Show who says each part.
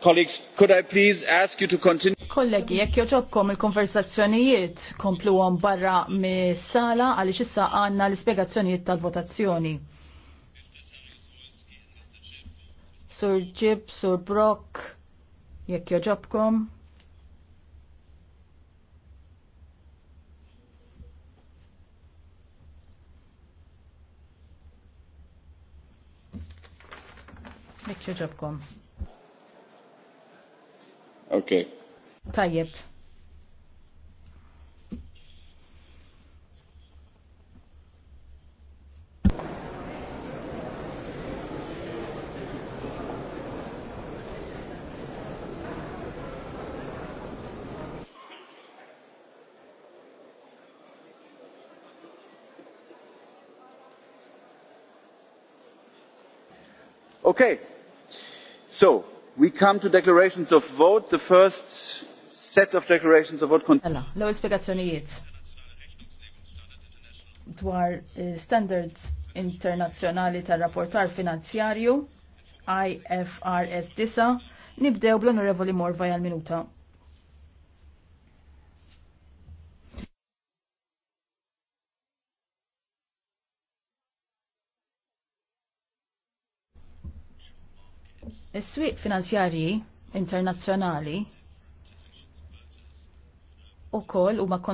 Speaker 1: Colleagues, could I please ask you to continue?
Speaker 2: Kollegi, jekk joġobkom il-konversazzjonijiet komplu għom barra mis-sala għaliex issa għanna l-ispiegazzjonijiet tal-votazzjoni. Sur Ġib, Sur Brock, jekk joġobkom.
Speaker 3: Jekk joġobkom. Ok. Tajjeb.
Speaker 4: Okay. So, We come to declarations of vote. The first set of declarations of vote. Alla, mela,
Speaker 2: l-ewwel spjegazzjonijiet dwar eh, standards internazzjonali tal rapportar finanzjarju IFRS 9 nibdew bl-Onorevoli Morvaj għal minuta. Is-swieq finanzjarji internazzjonali u kol u ma